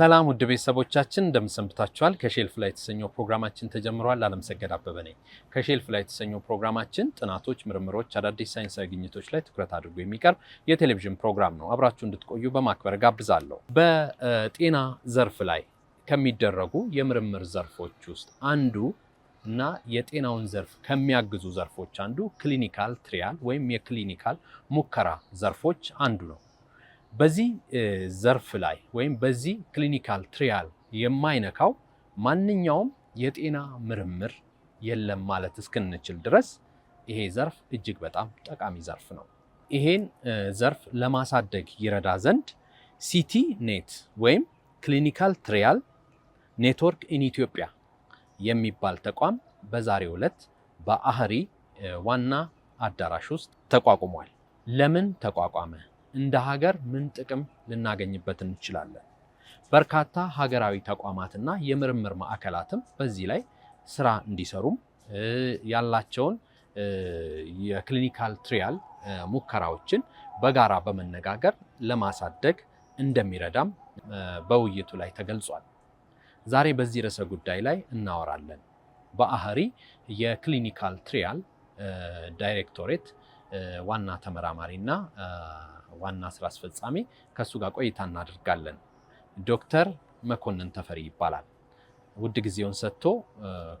ሰላም ውድ ቤተሰቦቻችን እንደምንሰንብታችኋል። ከሼልፍ ላይ የተሰኘው ፕሮግራማችን ተጀምሯል። አለምሰገድ አበበ ነኝ። ከሼልፍ ላይ የተሰኘው ፕሮግራማችን ጥናቶች፣ ምርምሮች፣ አዳዲስ ሳይንሳዊ ግኝቶች ላይ ትኩረት አድርጎ የሚቀርብ የቴሌቪዥን ፕሮግራም ነው። አብራችሁ እንድትቆዩ በማክበር ጋብዛለሁ። በጤና ዘርፍ ላይ ከሚደረጉ የምርምር ዘርፎች ውስጥ አንዱ እና የጤናውን ዘርፍ ከሚያግዙ ዘርፎች አንዱ ክሊኒካል ትሪያል ወይም የክሊኒካል ሙከራ ዘርፎች አንዱ ነው። በዚህ ዘርፍ ላይ ወይም በዚህ ክሊኒካል ትሪያል የማይነካው ማንኛውም የጤና ምርምር የለም ማለት እስክንችል ድረስ ይሄ ዘርፍ እጅግ በጣም ጠቃሚ ዘርፍ ነው። ይሄን ዘርፍ ለማሳደግ ይረዳ ዘንድ ሲቲ ኔት ወይም ክሊኒካል ትሪያል ኔትወርክ ኢን ኢትዮጵያ የሚባል ተቋም በዛሬው ዕለት በአህሪ ዋና አዳራሽ ውስጥ ተቋቁሟል። ለምን ተቋቋመ? እንደ ሀገር ምን ጥቅም ልናገኝበት እንችላለን? በርካታ ሀገራዊ ተቋማትና የምርምር ማዕከላትም በዚህ ላይ ስራ እንዲሰሩም ያላቸውን የክሊኒካል ትሪያል ሙከራዎችን በጋራ በመነጋገር ለማሳደግ እንደሚረዳም በውይይቱ ላይ ተገልጿል። ዛሬ በዚህ ርዕሰ ጉዳይ ላይ እናወራለን። በአህሪ የክሊኒካል ትሪያል ዳይሬክቶሬት ዋና ተመራማሪና ዋና ስራ አስፈጻሚ ከእሱ ጋር ቆይታ እናደርጋለን። ዶክተር መኮንን ተፈሪ ይባላል። ውድ ጊዜውን ሰጥቶ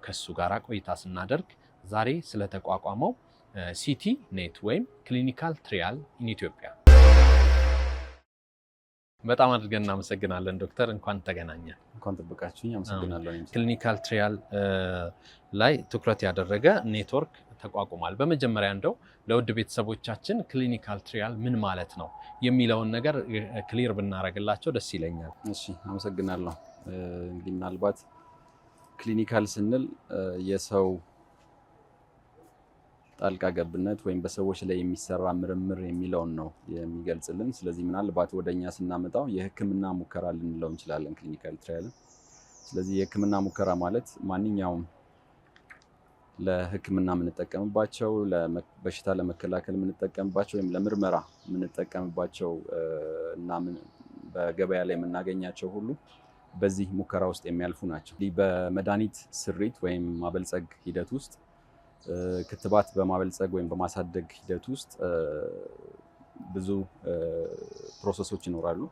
ከእሱ ጋር ቆይታ ስናደርግ ዛሬ ስለተቋቋመው ሲቲ ኔት ወይም ክሊኒካል ትሪያል ኢን ኢትዮጵያ በጣም አድርገን እናመሰግናለን ዶክተር። እንኳን ተገናኘን። እንኳን ጥብቃችሁኝ። አመሰግናለሁ። ክሊኒካል ትሪያል ላይ ትኩረት ያደረገ ኔትወርክ ተቋቁሟል። በመጀመሪያ እንደው ለውድ ቤተሰቦቻችን ክሊኒካል ትሪያል ምን ማለት ነው የሚለውን ነገር ክሊር ብናደርግላቸው ደስ ይለኛል። እሺ፣ አመሰግናለሁ። እንግዲህ ምናልባት ክሊኒካል ስንል የሰው ጣልቃ ገብነት ወይም በሰዎች ላይ የሚሰራ ምርምር የሚለውን ነው የሚገልጽልን። ስለዚህ ምናልባት ወደኛ ስናመጣው የሕክምና ሙከራ ልንለው እንችላለን ክሊኒካል ትሪያልን። ስለዚህ የሕክምና ሙከራ ማለት ማንኛውም ለህክምና የምንጠቀምባቸው በሽታ ለመከላከል የምንጠቀምባቸው ወይም ለምርመራ የምንጠቀምባቸው እና በገበያ ላይ የምናገኛቸው ሁሉ በዚህ ሙከራ ውስጥ የሚያልፉ ናቸው። በመድኃኒት ስሪት ወይም ማበልጸግ ሂደት ውስጥ ክትባት በማበልጸግ ወይም በማሳደግ ሂደት ውስጥ ብዙ ፕሮሰሶች ይኖራሉ።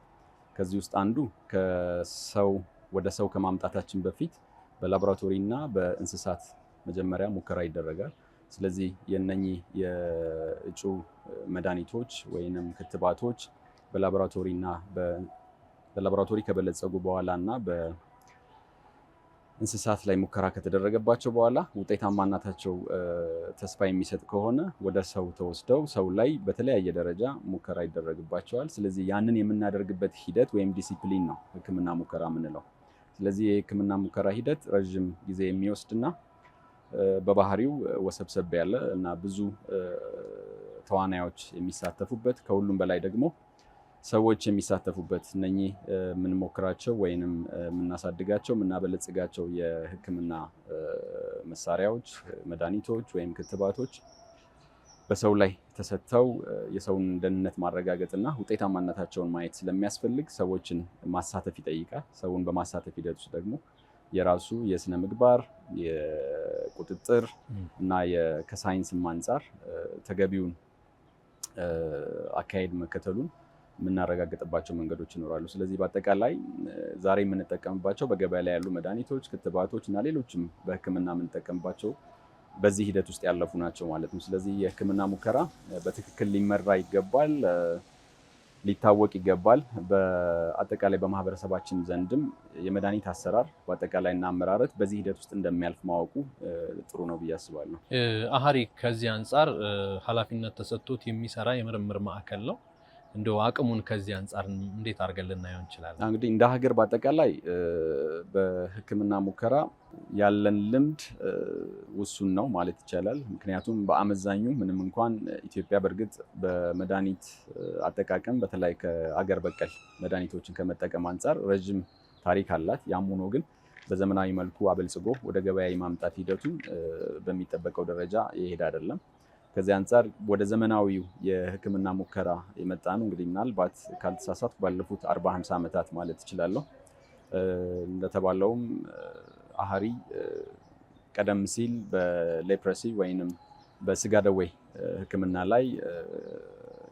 ከዚህ ውስጥ አንዱ ከሰው ወደ ሰው ከማምጣታችን በፊት በላቦራቶሪ እና በእንስሳት መጀመሪያ ሙከራ ይደረጋል። ስለዚህ የነኚህ የእጩ መድኃኒቶች ወይንም ክትባቶች በላቦራቶሪ እና በላቦራቶሪ ከበለጸጉ በኋላ እና በእንስሳት ላይ ሙከራ ከተደረገባቸው በኋላ ውጤታማነታቸው ተስፋ የሚሰጥ ከሆነ ወደ ሰው ተወስደው ሰው ላይ በተለያየ ደረጃ ሙከራ ይደረግባቸዋል። ስለዚህ ያንን የምናደርግበት ሂደት ወይም ዲሲፕሊን ነው ሕክምና ሙከራ የምንለው። ስለዚህ የሕክምና ሙከራ ሂደት ረዥም ጊዜ የሚወስድና በባህሪው ወሰብሰብ ያለ እና ብዙ ተዋናዮች የሚሳተፉበት ከሁሉም በላይ ደግሞ ሰዎች የሚሳተፉበት እነኚህ የምንሞክራቸው ወይንም የምናሳድጋቸው የምናበለጽጋቸው የሕክምና መሳሪያዎች፣ መድኃኒቶች ወይም ክትባቶች በሰው ላይ ተሰጥተው የሰውን ደህንነት ማረጋገጥና ውጤታማነታቸውን ማየት ስለሚያስፈልግ ሰዎችን ማሳተፍ ይጠይቃል። ሰውን በማሳተፍ ሂደት ውስጥ ደግሞ የራሱ የስነ ምግባር የቁጥጥር እና ከሳይንስም አንጻር ተገቢውን አካሄድ መከተሉን የምናረጋግጥባቸው መንገዶች ይኖራሉ። ስለዚህ በአጠቃላይ ዛሬ የምንጠቀምባቸው በገበያ ላይ ያሉ መድኃኒቶች፣ ክትባቶች እና ሌሎችም በሕክምና የምንጠቀምባቸው በዚህ ሂደት ውስጥ ያለፉ ናቸው ማለት ነው። ስለዚህ የሕክምና ሙከራ በትክክል ሊመራ ይገባል። ሊታወቅ ይገባል። በአጠቃላይ በማህበረሰባችን ዘንድም የመድኃኒት አሰራር በአጠቃላይና አመራረት በዚህ ሂደት ውስጥ እንደሚያልፍ ማወቁ ጥሩ ነው ብዬ አስባለሁ። አሀሪ ከዚህ አንጻር ኃላፊነት ተሰጥቶት የሚሰራ የምርምር ማዕከል ነው። እንደ አቅሙን ከዚህ አንጻር እንዴት አድርገን ልናየው እንችላለን? እንግዲህ እንደ ሀገር በአጠቃላይ በሕክምና ሙከራ ያለን ልምድ ውሱን ነው ማለት ይቻላል። ምክንያቱም በአመዛኙ ምንም እንኳን ኢትዮጵያ በእርግጥ በመድኃኒት አጠቃቀም በተለይ ከአገር በቀል መድኃኒቶችን ከመጠቀም አንጻር ረዥም ታሪክ አላት። ያም ሆኖ ግን በዘመናዊ መልኩ አበልጽጎ ወደ ገበያ የማምጣት ሂደቱ በሚጠበቀው ደረጃ ይሄድ አይደለም። ከዚህ አንጻር ወደ ዘመናዊው የህክምና ሙከራ የመጣ ነው። እንግዲህ ምናልባት ካልተሳሳትኩ ባለፉት አርባ ሃምሳ ዓመታት ማለት እችላለሁ። እንደተባለውም አህሪ ቀደም ሲል በሌፕረሲ ወይንም በስጋ ደዌ ህክምና ላይ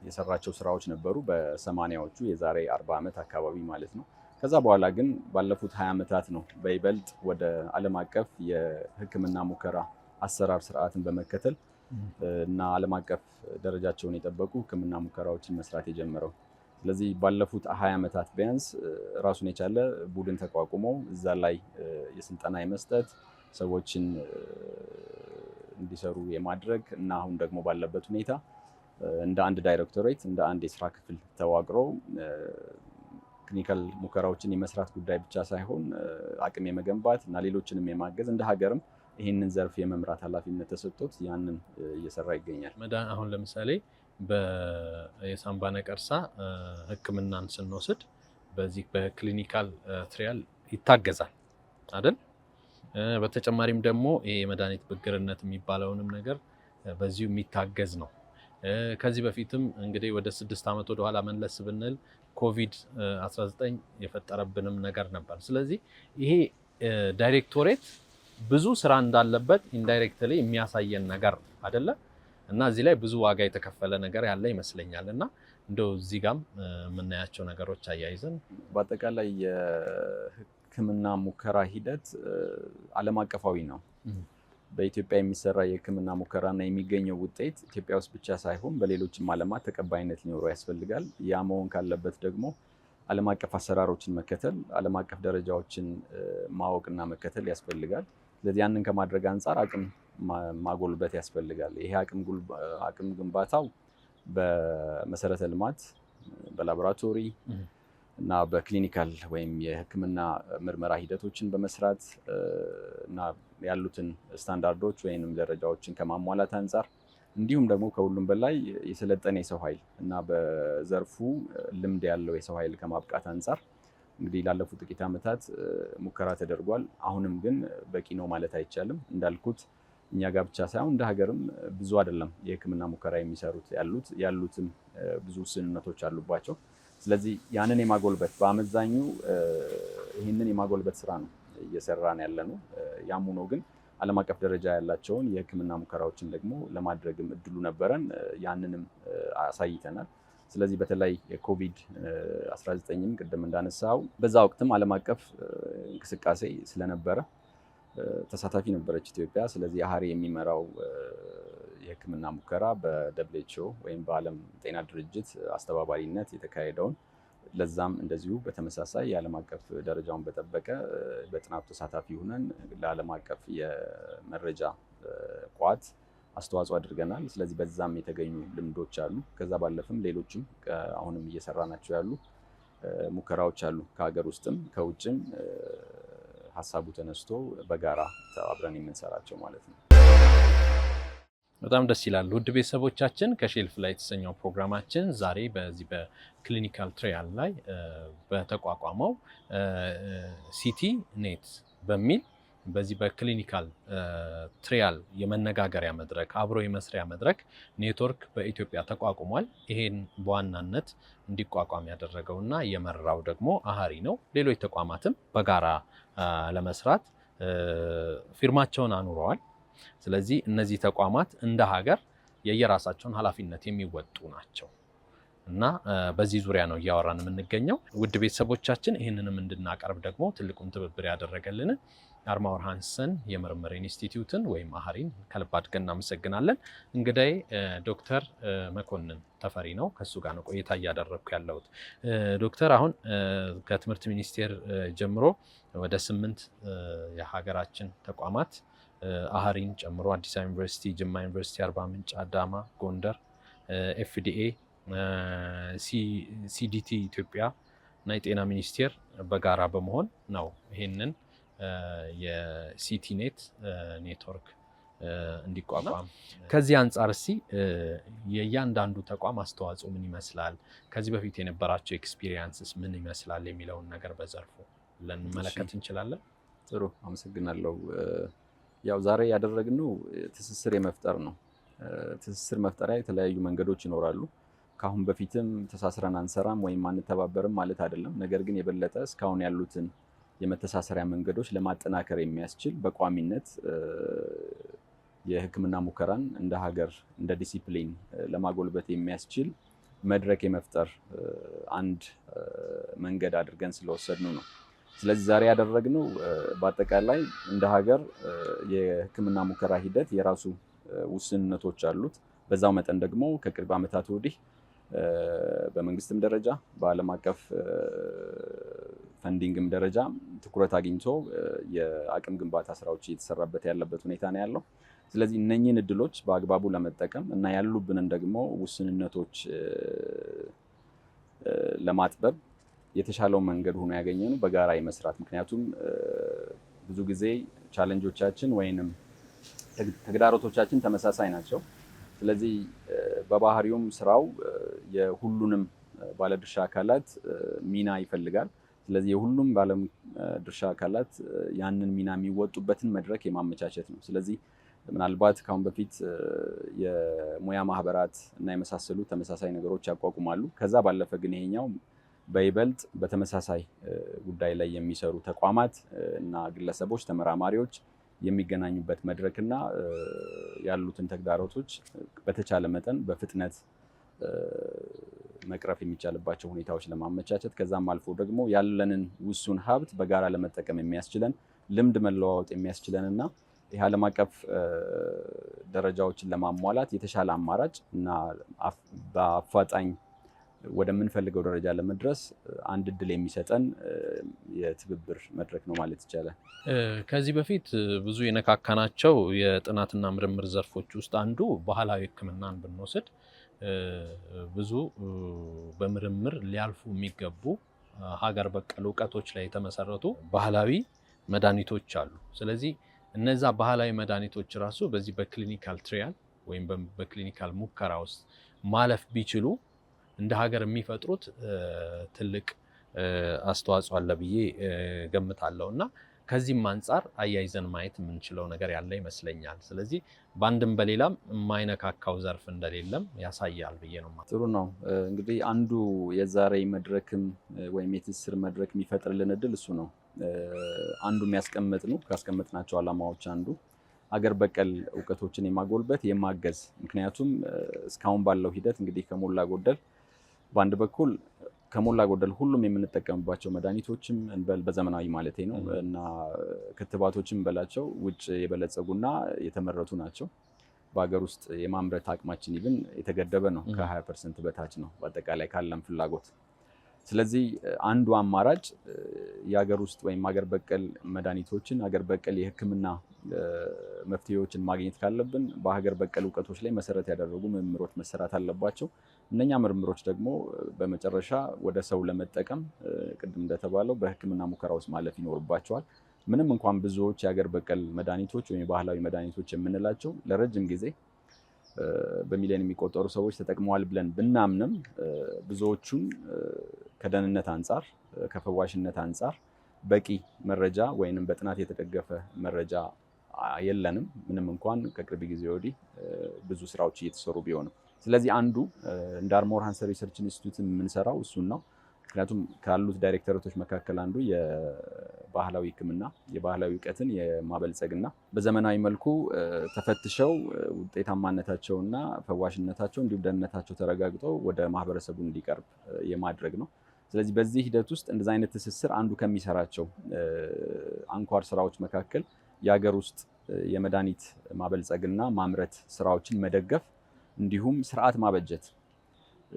የሰራቸው ስራዎች ነበሩ በሰማኒያዎቹ የዛሬ አርባ ዓመት አካባቢ ማለት ነው። ከዛ በኋላ ግን ባለፉት ሀያ ዓመታት ነው በይበልጥ ወደ ዓለም አቀፍ የህክምና ሙከራ አሰራር ስርዓትን በመከተል እና ዓለም አቀፍ ደረጃቸውን የጠበቁ ሕክምና ሙከራዎችን መስራት የጀመረው። ስለዚህ ባለፉት ሀያ ዓመታት ቢያንስ ራሱን የቻለ ቡድን ተቋቁሞ እዛ ላይ የስልጠና የመስጠት ሰዎችን እንዲሰሩ የማድረግ እና አሁን ደግሞ ባለበት ሁኔታ እንደ አንድ ዳይሬክቶሬት እንደ አንድ የስራ ክፍል ተዋቅሮ ክሊኒካል ሙከራዎችን የመስራት ጉዳይ ብቻ ሳይሆን አቅም የመገንባት እና ሌሎችንም የማገዝ እንደ ሀገርም ይህንን ዘርፍ የመምራት ኃላፊነት ተሰጥቶት ያንን እየሰራ ይገኛል። መዳን አሁን ለምሳሌ የሳምባ ነቀርሳ ሕክምናን ስንወስድ በዚህ በክሊኒካል ትሪያል ይታገዛል አይደል? በተጨማሪም ደግሞ ይሄ የመድኃኒት ብግርነት የሚባለውንም ነገር በዚሁ የሚታገዝ ነው። ከዚህ በፊትም እንግዲህ ወደ ስድስት ዓመት ወደኋላ መለስ ብንል ኮቪድ 19 የፈጠረብንም ነገር ነበር። ስለዚህ ይሄ ዳይሬክቶሬት ብዙ ስራ እንዳለበት ኢንዳይሬክትሊ የሚያሳየን ነገር አደለ እና እዚህ ላይ ብዙ ዋጋ የተከፈለ ነገር ያለ ይመስለኛል እና እንደው እዚህ ጋም የምናያቸው ነገሮች አያይዘን በአጠቃላይ የሕክምና ሙከራ ሂደት ዓለም አቀፋዊ ነው። በኢትዮጵያ የሚሰራ የሕክምና ሙከራና የሚገኘው ውጤት ኢትዮጵያ ውስጥ ብቻ ሳይሆን በሌሎችም ዓለማት ተቀባይነት ሊኖረው ያስፈልጋል። ያ መሆን ካለበት ደግሞ ዓለም አቀፍ አሰራሮችን መከተል፣ ዓለም አቀፍ ደረጃዎችን ማወቅና መከተል ያስፈልጋል። ስለዚህ ያንን ከማድረግ አንጻር አቅም ማጎልበት ያስፈልጋል። ይሄ አቅም ግንባታው በመሰረተ ልማት፣ በላቦራቶሪ እና በክሊኒካል ወይም የሕክምና ምርመራ ሂደቶችን በመስራት እና ያሉትን ስታንዳርዶች ወይም ደረጃዎችን ከማሟላት አንጻር እንዲሁም ደግሞ ከሁሉም በላይ የሰለጠነ የሰው ኃይል እና በዘርፉ ልምድ ያለው የሰው ኃይል ከማብቃት አንጻር እንግዲህ ላለፉት ጥቂት ዓመታት ሙከራ ተደርጓል። አሁንም ግን በቂ ነው ማለት አይቻልም። እንዳልኩት እኛ ጋር ብቻ ሳይሆን እንደ ሀገርም ብዙ አይደለም የሕክምና ሙከራ የሚሰሩት ያሉት ያሉትም ብዙ ውስንነቶች አሉባቸው። ስለዚህ ያንን የማጎልበት በአመዛኙ ይህንን የማጎልበት ስራ ነው እየሰራን ያለ ነው። ያም ሆኖ ግን ዓለም አቀፍ ደረጃ ያላቸውን የሕክምና ሙከራዎችን ደግሞ ለማድረግም እድሉ ነበረን። ያንንም አሳይተናል። ስለዚህ በተለይ የኮቪድ 19ም ቅድም እንዳነሳው በዛ ወቅትም ዓለም አቀፍ እንቅስቃሴ ስለነበረ ተሳታፊ ነበረች ኢትዮጵያ። ስለዚህ አህሪ የሚመራው የሕክምና ሙከራ በደብሌችኦ ወይም በዓለም ጤና ድርጅት አስተባባሪነት የተካሄደውን ለዛም እንደዚሁ በተመሳሳይ የዓለም አቀፍ ደረጃውን በጠበቀ በጥናቱ ተሳታፊ ሆነን ለዓለም አቀፍ የመረጃ ቋት አስተዋጽኦ አድርገናል። ስለዚህ በዛም የተገኙ ልምዶች አሉ። ከዛ ባለፍም ሌሎችም አሁንም እየሰራ ናቸው ያሉ ሙከራዎች አሉ። ከሀገር ውስጥም ከውጭም ሀሳቡ ተነስቶ በጋራ ተባብረን የምንሰራቸው ማለት ነው። በጣም ደስ ይላል። ውድ ቤተሰቦቻችን ከሼልፍ ላይ የተሰኘው ፕሮግራማችን ዛሬ በዚህ በክሊኒካል ትሪያል ላይ በተቋቋመው ሲቲ ኔት በሚል በዚህ በክሊኒካል ትሪያል የመነጋገሪያ መድረክ አብሮ የመስሪያ መድረክ ኔትወርክ በኢትዮጵያ ተቋቁሟል። ይሄን በዋናነት እንዲቋቋም ያደረገው እና የመራው ደግሞ አሃሪ ነው። ሌሎች ተቋማትም በጋራ ለመስራት ፊርማቸውን አኑረዋል። ስለዚህ እነዚህ ተቋማት እንደ ሀገር የየራሳቸውን ኃላፊነት የሚወጡ ናቸው። እና በዚህ ዙሪያ ነው እያወራን የምንገኘው። ውድ ቤተሰቦቻችን ይህንንም እንድናቀርብ ደግሞ ትልቁን ትብብር ያደረገልን አርማወር ሃንሰን የምርምር ኢንስቲትዩትን ወይም አህሪን ከልብ አድርገን እናመሰግናለን። እንግዳይ ዶክተር መኮንን ተፈሪ ነው። ከሱ ጋር ነው ቆይታ እያደረግኩ ያለሁት። ዶክተር አሁን ከትምህርት ሚኒስቴር ጀምሮ ወደ ስምንት የሀገራችን ተቋማት አህሪን ጨምሮ አዲስ አበባ ዩኒቨርሲቲ፣ ጅማ ዩኒቨርሲቲ፣ አርባ ምንጭ፣ አዳማ፣ ጎንደር፣ ኤፍዲኤ ሲዲቲ ኢትዮጵያ እና የጤና ሚኒስቴር በጋራ በመሆን ነው ይሄንን የሲቲኔት ኔትወርክ እንዲቋቋም። ከዚህ አንጻር እስቲ የእያንዳንዱ ተቋም አስተዋጽኦ ምን ይመስላል፣ ከዚህ በፊት የነበራቸው ኤክስፒሪየንስስ ምን ይመስላል የሚለውን ነገር በዘርፉ ልንመለከት እንችላለን። ጥሩ አመሰግናለሁ። ያው ዛሬ ያደረግነው ትስስር የመፍጠር ነው። ትስስር መፍጠሪያ የተለያዩ መንገዶች ይኖራሉ። ከአሁን በፊትም ተሳስረን አንሰራም ወይም አንተባበርም ማለት አይደለም። ነገር ግን የበለጠ እስካሁን ያሉትን የመተሳሰሪያ መንገዶች ለማጠናከር የሚያስችል በቋሚነት የሕክምና ሙከራን እንደ ሀገር እንደ ዲሲፕሊን ለማጎልበት የሚያስችል መድረክ የመፍጠር አንድ መንገድ አድርገን ስለወሰድነው ነው። ስለዚህ ዛሬ ያደረግነው በአጠቃላይ እንደ ሀገር የሕክምና ሙከራ ሂደት የራሱ ውስንነቶች አሉት። በዛው መጠን ደግሞ ከቅርብ ዓመታት ወዲህ በመንግስትም ደረጃ በዓለም አቀፍ ፈንዲንግም ደረጃ ትኩረት አግኝቶ የአቅም ግንባታ ስራዎች እየተሰራበት ያለበት ሁኔታ ነው ያለው። ስለዚህ እነኝህን እድሎች በአግባቡ ለመጠቀም እና ያሉብንን ደግሞ ውስንነቶች ለማጥበብ የተሻለው መንገድ ሆኖ ያገኘነው በጋራ የመስራት ምክንያቱም ብዙ ጊዜ ቻለንጆቻችን ወይንም ተግዳሮቶቻችን ተመሳሳይ ናቸው። ስለዚህ በባህሪውም ስራው የሁሉንም ባለድርሻ አካላት ሚና ይፈልጋል። ስለዚህ የሁሉም ባለድርሻ አካላት ያንን ሚና የሚወጡበትን መድረክ የማመቻቸት ነው። ስለዚህ ምናልባት ከአሁን በፊት የሙያ ማህበራት እና የመሳሰሉ ተመሳሳይ ነገሮች ያቋቁማሉ። ከዛ ባለፈ ግን ይሄኛው በይበልጥ በተመሳሳይ ጉዳይ ላይ የሚሰሩ ተቋማት እና ግለሰቦች፣ ተመራማሪዎች የሚገናኙበት መድረክ እና ያሉትን ተግዳሮቶች በተቻለ መጠን በፍጥነት መቅረፍ የሚቻልባቸው ሁኔታዎች ለማመቻቸት ከዛም አልፎ ደግሞ ያለንን ውሱን ሀብት በጋራ ለመጠቀም የሚያስችለን ልምድ መለዋወጥ የሚያስችለን እና ይህ ዓለም አቀፍ ደረጃዎችን ለማሟላት የተሻለ አማራጭ እና በአፋጣኝ ወደምንፈልገው ደረጃ ለመድረስ አንድ እድል የሚሰጠን የትብብር መድረክ ነው ማለት ይቻላል። ከዚህ በፊት ብዙ የነካካናቸው የጥናትና ምርምር ዘርፎች ውስጥ አንዱ ባህላዊ ሕክምናን ብንወስድ ብዙ በምርምር ሊያልፉ የሚገቡ ሀገር በቀል እውቀቶች ላይ የተመሰረቱ ባህላዊ መድኃኒቶች አሉ። ስለዚህ እነዛ ባህላዊ መድኃኒቶች ራሱ በዚህ በክሊኒካል ትሪያል ወይም በክሊኒካል ሙከራ ውስጥ ማለፍ ቢችሉ እንደ ሀገር የሚፈጥሩት ትልቅ አስተዋጽኦ አለ ብዬ ገምታለሁ እና ከዚህም አንጻር አያይዘን ማየት የምንችለው ነገር ያለ ይመስለኛል። ስለዚህ በአንድም በሌላም የማይነካካው ዘርፍ እንደሌለም ያሳያል ብዬ ነው። ጥሩ ነው። እንግዲህ አንዱ የዛሬ መድረክም ወይም የትስስር መድረክ የሚፈጥርልን እድል እሱ ነው። አንዱ የሚያስቀምጥ ነው ካስቀመጥናቸው ዓላማዎች አንዱ አገር በቀል እውቀቶችን የማጎልበት የማገዝ ምክንያቱም እስካሁን ባለው ሂደት እንግዲህ ከሞላ ጎደል በአንድ በኩል ከሞላ ጎደል ሁሉም የምንጠቀምባቸው መድኃኒቶችም በዘመናዊ ማለት ነው እና ክትባቶችም በላቸው ውጭ የበለጸጉና የተመረቱ ናቸው። በሀገር ውስጥ የማምረት አቅማችን ይብን የተገደበ ነው። ከ20 ፐርሰንት በታች ነው በአጠቃላይ ካለም ፍላጎት። ስለዚህ አንዱ አማራጭ የሀገር ውስጥ ወይም ሀገር በቀል መድኃኒቶችን ሀገር በቀል የሕክምና መፍትሄዎችን ማግኘት ካለብን በሀገር በቀል እውቀቶች ላይ መሰረት ያደረጉ ምርምሮች መሰራት አለባቸው። እነኛ ምርምሮች ደግሞ በመጨረሻ ወደ ሰው ለመጠቀም ቅድም እንደተባለው በሕክምና ሙከራ ውስጥ ማለፍ ይኖርባቸዋል። ምንም እንኳን ብዙዎች የሀገር በቀል መድኃኒቶች ወይም የባህላዊ መድኃኒቶች የምንላቸው ለረጅም ጊዜ በሚሊዮን የሚቆጠሩ ሰዎች ተጠቅመዋል ብለን ብናምንም ብዙዎቹን ከደህንነት አንጻር ከፈዋሽነት አንጻር በቂ መረጃ ወይንም በጥናት የተደገፈ መረጃ የለንም። ምንም እንኳን ከቅርብ ጊዜ ወዲህ ብዙ ስራዎች እየተሰሩ ቢሆንም ስለዚህ አንዱ እንደ አርሞር ሃንሰር ሪሰርች ኢንስቲትዩት የምንሰራው እሱን ነው። ምክንያቱም ካሉት ዳይሬክተሮቶች መካከል አንዱ የባህላዊ ሕክምና የባህላዊ እውቀትን የማበልጸግና በዘመናዊ መልኩ ተፈትሸው ውጤታማነታቸውና ፈዋሽነታቸው እንዲሁም ደህንነታቸው ተረጋግጠው ወደ ማህበረሰቡ እንዲቀርብ የማድረግ ነው። ስለዚህ በዚህ ሂደት ውስጥ እንደዚ አይነት ትስስር አንዱ ከሚሰራቸው አንኳር ስራዎች መካከል የሀገር ውስጥ የመድኃኒት ማበልጸግና ማምረት ስራዎችን መደገፍ እንዲሁም ስርዓት ማበጀት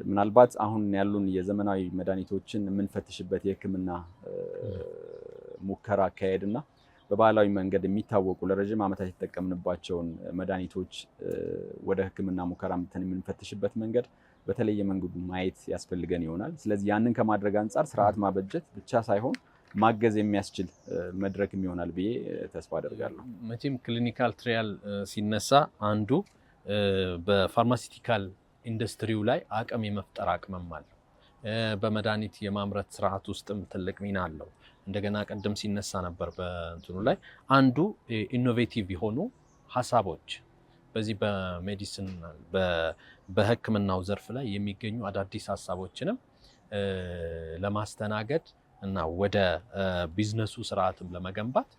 ምናልባት አሁን ያሉን የዘመናዊ መድኃኒቶችን የምንፈትሽበት የሕክምና ሙከራ አካሄድና በባህላዊ መንገድ የሚታወቁ ለረዥም ዓመታት የተጠቀምንባቸውን መድኃኒቶች ወደ ሕክምና ሙከራ ምትን የምንፈትሽበት መንገድ በተለየ መንገዱ ማየት ያስፈልገን ይሆናል። ስለዚህ ያንን ከማድረግ አንጻር ስርዓት ማበጀት ብቻ ሳይሆን ማገዝ የሚያስችል መድረክም ይሆናል ብዬ ተስፋ አደርጋለሁ። መቼም ክሊኒካል ትሪያል ሲነሳ አንዱ በፋርማሲቲካል ኢንዱስትሪው ላይ አቅም የመፍጠር አቅምም አለው። በመድኃኒት የማምረት ስርዓት ውስጥም ትልቅ ሚና አለው። እንደገና ቅድም ሲነሳ ነበር በእንትኑ ላይ አንዱ ኢኖቬቲቭ የሆኑ ሀሳቦች በዚህ በሜዲሲን በሕክምናው ዘርፍ ላይ የሚገኙ አዳዲስ ሀሳቦችንም ለማስተናገድ እና ወደ ቢዝነሱ ስርዓትም ለመገንባት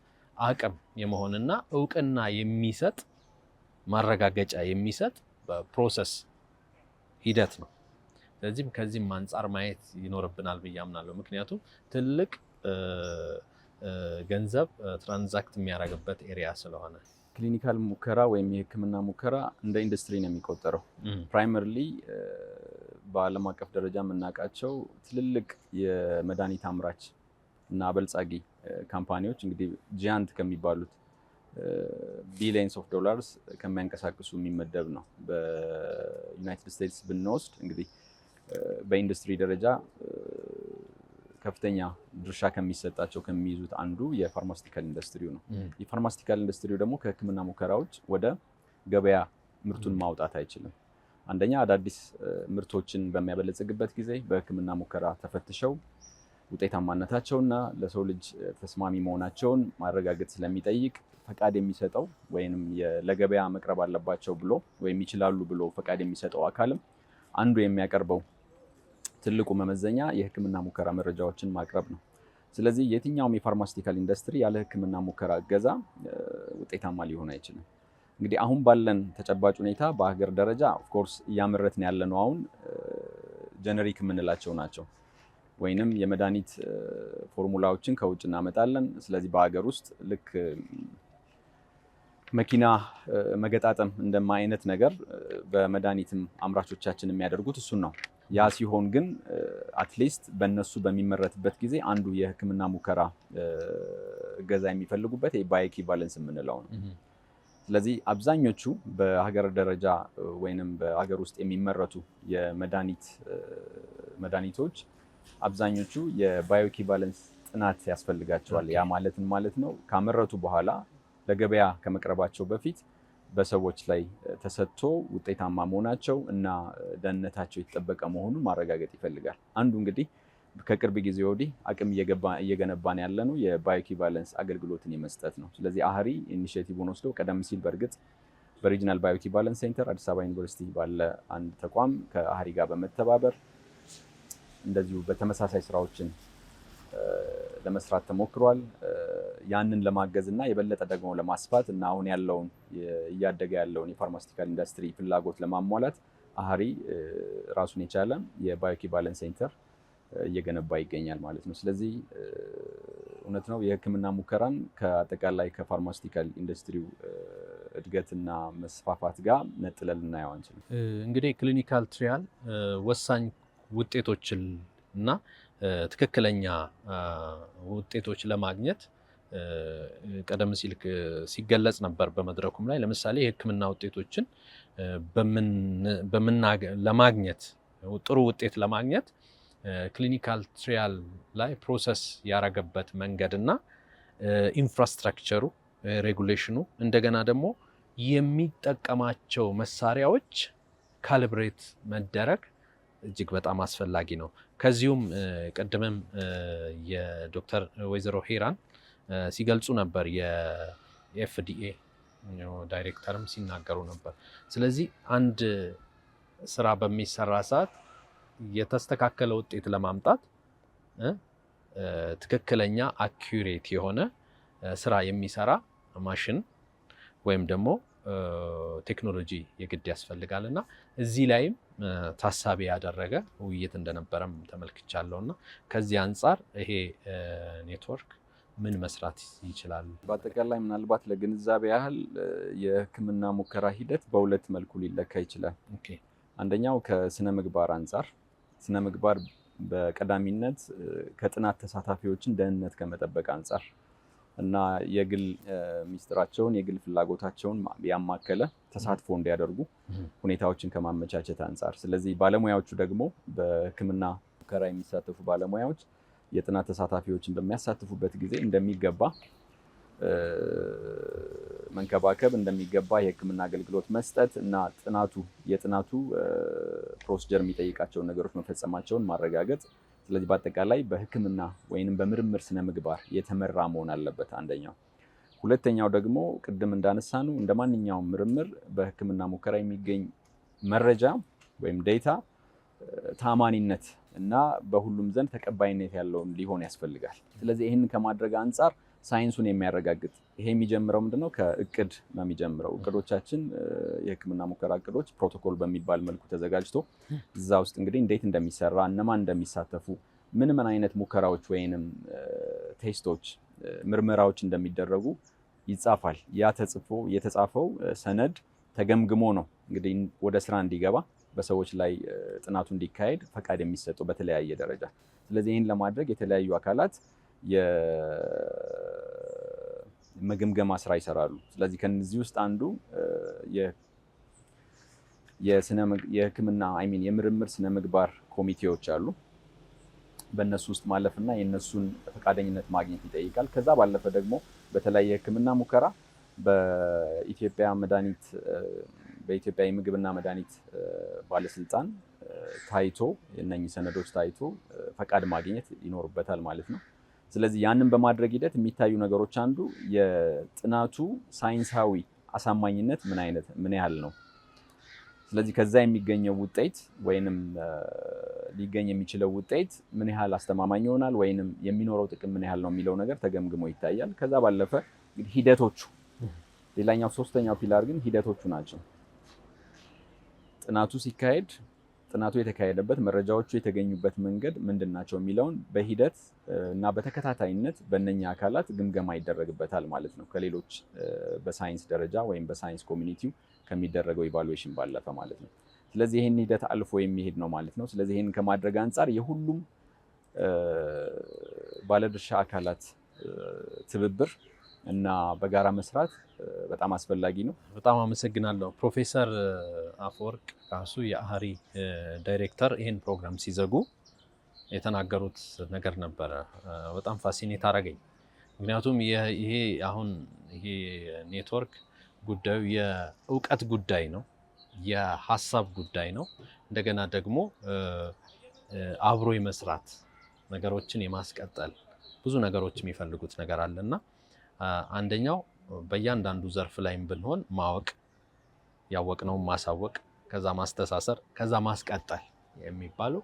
አቅም የመሆንና እውቅና የሚሰጥ ማረጋገጫ የሚሰጥ ፕሮሰስ ሂደት ነው። ስለዚህም ከዚህም አንጻር ማየት ይኖርብናል ብዬ አምናለሁ። ምክንያቱም ትልቅ ገንዘብ ትራንዛክት የሚያደርግበት ኤሪያ ስለሆነ ክሊኒካል ሙከራ ወይም የሕክምና ሙከራ እንደ ኢንዱስትሪ ነው የሚቆጠረው። ፕራይመርሊ በዓለም አቀፍ ደረጃ የምናውቃቸው ትልልቅ የመድኃኒት አምራች እና አበልጻጊ ካምፓኒዎች እንግዲህ ጂያንት ከሚባሉት ቢሊየንስ ኦፍ ዶላርስ ከሚያንቀሳቅሱ የሚመደብ ነው። በዩናይትድ ስቴትስ ብንወስድ እንግዲህ በኢንዱስትሪ ደረጃ ከፍተኛ ድርሻ ከሚሰጣቸው ከሚይዙት አንዱ የፋርማስቲካል ኢንዱስትሪው ነው። የፋርማስቲካል ኢንዱስትሪው ደግሞ ከሕክምና ሙከራዎች ወደ ገበያ ምርቱን ማውጣት አይችልም። አንደኛ አዳዲስ ምርቶችን በሚያበለጽግበት ጊዜ በሕክምና ሙከራ ተፈትሸው ውጤታማነታቸውና ለሰው ልጅ ተስማሚ መሆናቸውን ማረጋገጥ ስለሚጠይቅ ፈቃድ የሚሰጠው ወይም ለገበያ መቅረብ አለባቸው ብሎ ወይም ይችላሉ ብሎ ፈቃድ የሚሰጠው አካልም አንዱ የሚያቀርበው ትልቁ መመዘኛ የሕክምና ሙከራ መረጃዎችን ማቅረብ ነው። ስለዚህ የትኛውም የፋርማሲቲካል ኢንዱስትሪ ያለ ሕክምና ሙከራ እገዛ ውጤታማ ሊሆን አይችልም። እንግዲህ አሁን ባለን ተጨባጭ ሁኔታ በሀገር ደረጃ ኦፍኮርስ እያመረትን ያለነው አሁን ጀነሪክ የምንላቸው ናቸው። ወይንም የመድኃኒት ፎርሙላዎችን ከውጭ እናመጣለን። ስለዚህ በሀገር ውስጥ ልክ መኪና መገጣጠም እንደማ አይነት ነገር በመድኃኒትም አምራቾቻችን የሚያደርጉት እሱን ነው። ያ ሲሆን ግን አትሊስት በእነሱ በሚመረትበት ጊዜ አንዱ የሕክምና ሙከራ እገዛ የሚፈልጉበት ባለንስ የምንለው ነው። ስለዚህ አብዛኞቹ በሀገር ደረጃ ወይንም በሀገር ውስጥ የሚመረቱ የመድኃኒት መድኃኒቶች አብዛኞቹ የባዮኢኩቫለንስ ጥናት ያስፈልጋቸዋል። ያ ማለትን ማለት ነው ካመረቱ በኋላ ለገበያ ከመቅረባቸው በፊት በሰዎች ላይ ተሰጥቶ ውጤታማ መሆናቸው እና ደህንነታቸው የተጠበቀ መሆኑን ማረጋገጥ ይፈልጋል። አንዱ እንግዲህ ከቅርብ ጊዜ ወዲህ አቅም እየገነባን ያለ ነው የባዮኢኩቫለንስ አገልግሎትን የመስጠት ነው። ስለዚህ አህሪ ኢኒሽቲቭን ወስዶ ቀደም ሲል በእርግጥ በሪጅናል ባዮኢኩቫለንስ ሴንተር አዲስ አበባ ዩኒቨርሲቲ ባለ አንድ ተቋም ከአህሪ ጋር በመተባበር እንደዚሁ በተመሳሳይ ስራዎችን ለመስራት ተሞክሯል። ያንን ለማገዝ እና የበለጠ ደግሞ ለማስፋት እና አሁን ያለውን እያደገ ያለውን የፋርማስቲካል ኢንዱስትሪ ፍላጎት ለማሟላት አህሪ ራሱን የቻለ የባዮኢኩቫለንስ ሴንተር እየገነባ ይገኛል ማለት ነው። ስለዚህ እውነት ነው የሕክምና ሙከራን ከአጠቃላይ ከፋርማስቲካል ኢንዱስትሪው እድገትና መስፋፋት ጋር ነጥለን ልናየው አንችልም። እንግዲህ ክሊኒካል ትሪያል ወሳኝ ውጤቶችን እና ትክክለኛ ውጤቶች ለማግኘት ቀደም ሲል ሲገለጽ ነበር በመድረኩም ላይ ለምሳሌ የሕክምና ውጤቶችን ለማግኘት ጥሩ ውጤት ለማግኘት ክሊኒካል ትሪያል ላይ ፕሮሰስ ያረገበት መንገድ እና ኢንፍራስትራክቸሩ፣ ሬጉሌሽኑ እንደገና ደግሞ የሚጠቀማቸው መሳሪያዎች ካልብሬት መደረግ እጅግ በጣም አስፈላጊ ነው። ከዚሁም ቅድምም የዶክተር ወይዘሮ ሄራን ሲገልጹ ነበር የኤፍዲኤ ዳይሬክተርም ሲናገሩ ነበር። ስለዚህ አንድ ስራ በሚሰራ ሰዓት የተስተካከለ ውጤት ለማምጣት ትክክለኛ አኪሬት የሆነ ስራ የሚሰራ ማሽን ወይም ደግሞ ቴክኖሎጂ የግድ ያስፈልጋል እና እዚህ ላይም ታሳቢ ያደረገ ውይይት እንደነበረም ተመልክቻለሁ እና ከዚህ አንጻር ይሄ ኔትወርክ ምን መስራት ይችላል? በአጠቃላይ ምናልባት ለግንዛቤ ያህል የሕክምና ሙከራ ሂደት በሁለት መልኩ ሊለካ ይችላል። አንደኛው ከስነ ምግባር አንጻር፣ ስነ ምግባር በቀዳሚነት ከጥናት ተሳታፊዎችን ደህንነት ከመጠበቅ አንጻር እና የግል ሚስጥራቸውን የግል ፍላጎታቸውን ያማከለ ተሳትፎ እንዲያደርጉ ሁኔታዎችን ከማመቻቸት አንጻር። ስለዚህ ባለሙያዎቹ ደግሞ በሕክምና ሙከራ የሚሳተፉ ባለሙያዎች የጥናት ተሳታፊዎችን በሚያሳትፉበት ጊዜ እንደሚገባ መንከባከብ እንደሚገባ የህክምና አገልግሎት መስጠት እና ጥናቱ የጥናቱ ፕሮሲጀር የሚጠይቃቸውን ነገሮች መፈጸማቸውን ማረጋገጥ ስለዚህ በአጠቃላይ በህክምና ወይም በምርምር ስነ ምግባር የተመራ መሆን አለበት አንደኛው። ሁለተኛው ደግሞ ቅድም እንዳነሳ ነው እንደ ማንኛውም ምርምር በህክምና ሙከራ የሚገኝ መረጃ ወይም ዴታ ታማኒነት እና በሁሉም ዘንድ ተቀባይነት ያለውን ሊሆን ያስፈልጋል። ስለዚህ ይህንን ከማድረግ አንጻር ሳይንሱን የሚያረጋግጥ ይሄ የሚጀምረው ምንድነው ከእቅድ ነው የሚጀምረው። እቅዶቻችን የህክምና ሙከራ እቅዶች ፕሮቶኮል በሚባል መልኩ ተዘጋጅቶ እዛ ውስጥ እንግዲህ እንዴት እንደሚሰራ እነማን እንደሚሳተፉ ምን ምን አይነት ሙከራዎች ወይንም ቴስቶች ምርመራዎች እንደሚደረጉ ይጻፋል። ያ ተጽፎ የተጻፈው ሰነድ ተገምግሞ ነው እንግዲህ ወደ ስራ እንዲገባ በሰዎች ላይ ጥናቱ እንዲካሄድ ፈቃድ የሚሰጠው በተለያየ ደረጃ። ስለዚህ ይህን ለማድረግ የተለያዩ አካላት መገምገማ ስራ ይሰራሉ። ስለዚህ ከነዚህ ውስጥ አንዱ የህክምና አይሚን የምርምር ስነ ምግባር ኮሚቴዎች አሉ። በእነሱ ውስጥ ማለፍና የእነሱን ፈቃደኝነት ማግኘት ይጠይቃል። ከዛ ባለፈ ደግሞ በተለያየ የህክምና ሙከራ በኢትዮጵያ መድኃኒት በኢትዮጵያ የምግብና መድኃኒት ባለስልጣን ታይቶ እነኚህ ሰነዶች ታይቶ ፈቃድ ማግኘት ይኖርበታል ማለት ነው። ስለዚህ ያንን በማድረግ ሂደት የሚታዩ ነገሮች አንዱ የጥናቱ ሳይንሳዊ አሳማኝነት ምን አይነት ምን ያህል ነው። ስለዚህ ከዛ የሚገኘው ውጤት ወይንም ሊገኝ የሚችለው ውጤት ምን ያህል አስተማማኝ ይሆናል ወይንም የሚኖረው ጥቅም ምን ያህል ነው የሚለው ነገር ተገምግሞ ይታያል። ከዛ ባለፈ ሂደቶቹ ሌላኛው ሶስተኛው ፒላር ግን ሂደቶቹ ናቸው። ጥናቱ ሲካሄድ ጥናቱ የተካሄደበት መረጃዎቹ የተገኙበት መንገድ ምንድን ናቸው የሚለውን በሂደት እና በተከታታይነት በእነኛ አካላት ግምገማ ይደረግበታል ማለት ነው። ከሌሎች በሳይንስ ደረጃ ወይም በሳይንስ ኮሚኒቲው ከሚደረገው ኢቫሉዌሽን ባለፈ ማለት ነው። ስለዚህ ይህን ሂደት አልፎ የሚሄድ ነው ማለት ነው። ስለዚህ ይህን ከማድረግ አንጻር የሁሉም ባለድርሻ አካላት ትብብር እና በጋራ መስራት በጣም አስፈላጊ ነው። በጣም አመሰግናለሁ ፕሮፌሰር አፈወርቅ ካሱ የአህሪ ዳይሬክተር። ይህን ፕሮግራም ሲዘጉ የተናገሩት ነገር ነበረ በጣም ፋሲኔት አረገኝ። ምክንያቱም ይሄ አሁን ይሄ ኔትወርክ ጉዳዩ የእውቀት ጉዳይ ነው፣ የሀሳብ ጉዳይ ነው። እንደገና ደግሞ አብሮ የመስራት ነገሮችን የማስቀጠል ብዙ ነገሮች የሚፈልጉት ነገር አለና አንደኛው በእያንዳንዱ ዘርፍ ላይም ብንሆን ማወቅ ያወቅነውን ማሳወቅ ከዛ ማስተሳሰር ከዛ ማስቀጠል የሚባሉ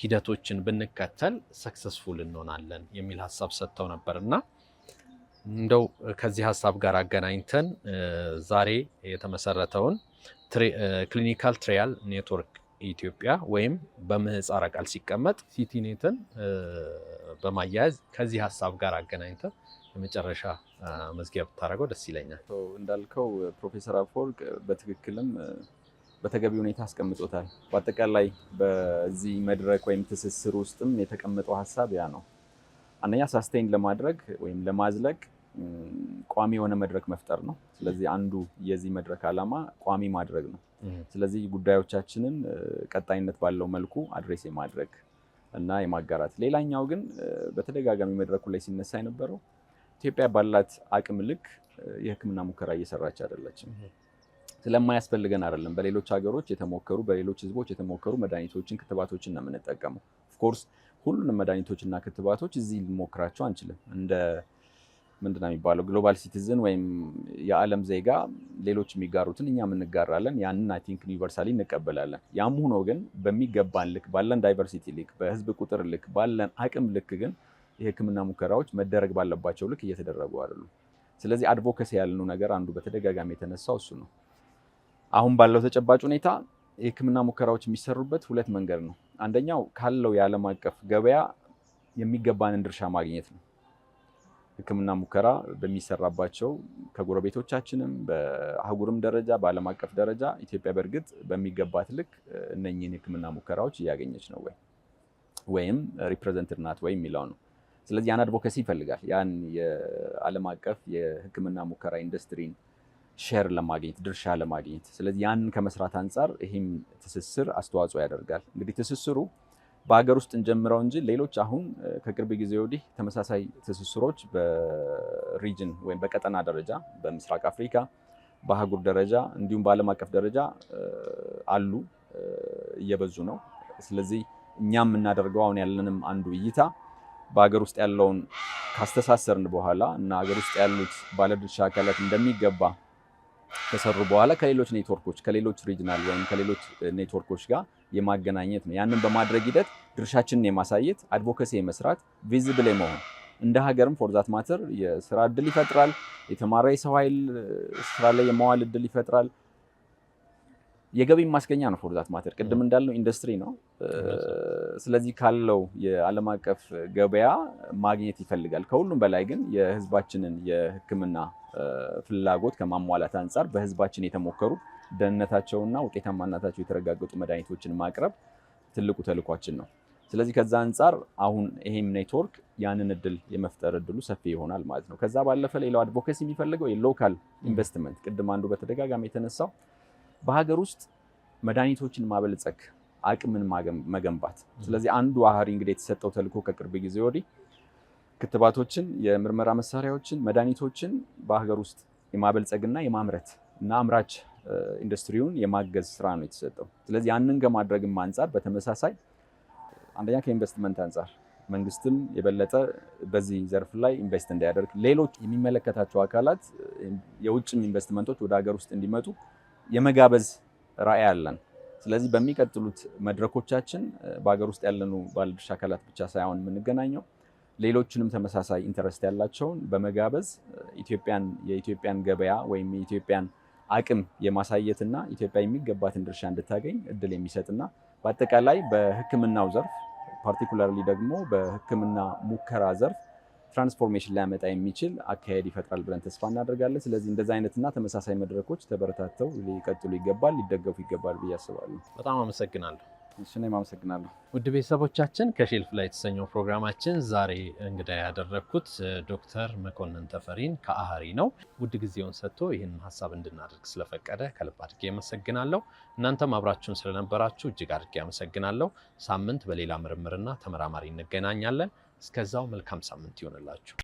ሂደቶችን ብንከተል ሰክሰስፉል እንሆናለን የሚል ሀሳብ ሰጥተው ነበር እና እንደው ከዚህ ሀሳብ ጋር አገናኝተን ዛሬ የተመሰረተውን ክሊኒካል ትሪያል ኔትወርክ ኢትዮጵያ ወይም በምህፃረ ቃል ሲቀመጥ ሲቲኔትን በማያያዝ ከዚህ ሀሳብ ጋር አገናኝተን የመጨረሻ መዝጊያ ብታደረገው ደስ ይለኛል። እንዳልከው ፕሮፌሰር አፈወርቅ በትክክልም በተገቢ ሁኔታ አስቀምጦታል። በአጠቃላይ በዚህ መድረክ ወይም ትስስር ውስጥም የተቀመጠው ሀሳብ ያ ነው። አንደኛ ሳስቴን ለማድረግ ወይም ለማዝለቅ ቋሚ የሆነ መድረክ መፍጠር ነው። ስለዚህ አንዱ የዚህ መድረክ ዓላማ ቋሚ ማድረግ ነው። ስለዚህ ጉዳዮቻችንን ቀጣይነት ባለው መልኩ አድሬስ የማድረግ እና የማጋራት ሌላኛው ግን በተደጋጋሚ መድረኩ ላይ ሲነሳ የነበረው ኢትዮጵያ ባላት አቅም ልክ የህክምና ሙከራ እየሰራች አይደለችም። ስለማያስፈልገን አይደለም። በሌሎች ሀገሮች የተሞከሩ በሌሎች ህዝቦች የተሞከሩ መድኃኒቶችን፣ ክትባቶችን ነው የምንጠቀመው። ኦፍኮርስ ሁሉንም መድኃኒቶችና ክትባቶች እዚህ ልንሞክራቸው አንችልም። እንደ ምንድን ነው የሚባለው ግሎባል ሲቲዝን ወይም የዓለም ዜጋ ሌሎች የሚጋሩትን እኛ የምንጋራለን። ያንን አይ ቲንክ ዩኒቨርሳሊ እንቀበላለን። ያም ሆኖ ግን በሚገባን ልክ ባለን ዳይቨርሲቲ ልክ፣ በህዝብ ቁጥር ልክ፣ ባለን አቅም ልክ ግን የህክምና ሙከራዎች መደረግ ባለባቸው ልክ እየተደረጉ አይደሉም። ስለዚህ አድቮከሲ ያልነው ነገር አንዱ በተደጋጋሚ የተነሳው እሱ ነው። አሁን ባለው ተጨባጭ ሁኔታ የህክምና ሙከራዎች የሚሰሩበት ሁለት መንገድ ነው። አንደኛው ካለው የዓለም አቀፍ ገበያ የሚገባንን ድርሻ ማግኘት ነው። ህክምና ሙከራ በሚሰራባቸው ከጎረቤቶቻችንም በአህጉርም ደረጃ በዓለም አቀፍ ደረጃ ኢትዮጵያ በእርግጥ በሚገባት ልክ እነኚህን የህክምና ሙከራዎች እያገኘች ነው ወይ ወይም ሪፕሬዘንትድ ናት ወይ የሚለው ነው። ስለዚህ ያን አድቮኬሲ ይፈልጋል። ያን የዓለም አቀፍ የሕክምና ሙከራ ኢንዱስትሪን ሼር ለማግኘት ድርሻ ለማግኘት ስለዚህ ያን ከመስራት አንጻር ይህም ትስስር አስተዋጽኦ ያደርጋል። እንግዲህ ትስስሩ በሀገር ውስጥ እንጀምረው እንጂ ሌሎች አሁን ከቅርብ ጊዜ ወዲህ ተመሳሳይ ትስስሮች በሪጅን ወይም በቀጠና ደረጃ በምስራቅ አፍሪካ፣ በአህጉር ደረጃ እንዲሁም በዓለም አቀፍ ደረጃ አሉ፣ እየበዙ ነው። ስለዚህ እኛም የምናደርገው አሁን ያለንም አንዱ እይታ በሀገር ውስጥ ያለውን ካስተሳሰርን በኋላ እና ሀገር ውስጥ ያሉት ባለድርሻ አካላት እንደሚገባ ከሰሩ በኋላ ከሌሎች ኔትወርኮች ከሌሎች ሪጅናል ወይም ከሌሎች ኔትወርኮች ጋር የማገናኘት ነው። ያንን በማድረግ ሂደት ድርሻችንን የማሳየት አድቮኬሲ የመስራት ቪዚብል መሆን እንደ ሀገርም ፎር ዛት ማተር የስራ እድል ይፈጥራል። የተማረ የሰው ኃይል ስራ ላይ የመዋል እድል ይፈጥራል። የገቢ ማስገኛ ነው። ፎር ማተር ቅድም እንዳልነው ኢንዱስትሪ ነው። ስለዚህ ካለው የዓለም አቀፍ ገበያ ማግኘት ይፈልጋል። ከሁሉም በላይ ግን የህዝባችንን የህክምና ፍላጎት ከማሟላት አንጻር በህዝባችን የተሞከሩ ደህንነታቸውና ውጤታማነታቸው የተረጋገጡ መድኃኒቶችን ማቅረብ ትልቁ ተልኳችን ነው። ስለዚህ ከዛ አንጻር አሁን ይሄም ኔትወርክ ያንን እድል የመፍጠር እድሉ ሰፊ ይሆናል ማለት ነው። ከዛ ባለፈ ሌላው አድቮኬሲ የሚፈልገው የሎካል ኢንቨስትመንት ቅድም አንዱ በተደጋጋሚ የተነሳው በሀገር ውስጥ መድኃኒቶችን ማበልጸግ አቅምን መገንባት። ስለዚህ አንዱ አህሪ እንግዲህ የተሰጠው ተልዕኮ ከቅርብ ጊዜ ወዲህ ክትባቶችን፣ የምርመራ መሳሪያዎችን፣ መድኃኒቶችን በሀገር ውስጥ የማበልጸግና የማምረት እና አምራች ኢንዱስትሪውን የማገዝ ስራ ነው የተሰጠው። ስለዚህ ያንን ከማድረግም አንጻር በተመሳሳይ አንደኛ ከኢንቨስትመንት አንጻር መንግስትም የበለጠ በዚህ ዘርፍ ላይ ኢንቨስት እንዲያደርግ፣ ሌሎች የሚመለከታቸው አካላት የውጭም ኢንቨስትመንቶች ወደ ሀገር ውስጥ እንዲመጡ የመጋበዝ ራዕይ አለን። ስለዚህ በሚቀጥሉት መድረኮቻችን በሀገር ውስጥ ያለኑ ባለድርሻ አካላት ብቻ ሳይሆን የምንገናኘው ሌሎችንም ተመሳሳይ ኢንተረስት ያላቸውን በመጋበዝ ኢትዮጵያን የኢትዮጵያን ገበያ ወይም የኢትዮጵያን አቅም የማሳየትና ኢትዮጵያ የሚገባትን ድርሻ እንድታገኝ እድል የሚሰጥና በአጠቃላይ በሕክምናው ዘርፍ ፓርቲኩላርሊ ደግሞ በሕክምና ሙከራ ዘርፍ ትራንስፎርሜሽን ሊያመጣ የሚችል አካሄድ ይፈጥራል ብለን ተስፋ እናደርጋለን። ስለዚህ እንደዚህ አይነትና ተመሳሳይ መድረኮች ተበረታተው ሊቀጥሉ ይገባል፣ ሊደገፉ ይገባል ብዬ አስባለሁ። በጣም አመሰግናለሁ። እኔም አመሰግናለሁ። ውድ ቤተሰቦቻችን ከሼልፍ ላይ የተሰኘው ፕሮግራማችን ዛሬ እንግዳ ያደረግኩት ዶክተር መኮንን ተፈሪን ከአህሪ ነው። ውድ ጊዜውን ሰጥቶ ይህንን ሀሳብ እንድናደርግ ስለፈቀደ ከልብ አድርጌ አመሰግናለሁ። እናንተም አብራችሁን ስለነበራችሁ እጅግ አድርጌ አመሰግናለሁ። ሳምንት በሌላ ምርምርና ተመራማሪ እንገናኛለን። እስከዛው መልካም ሳምንት ይሆንላችሁ።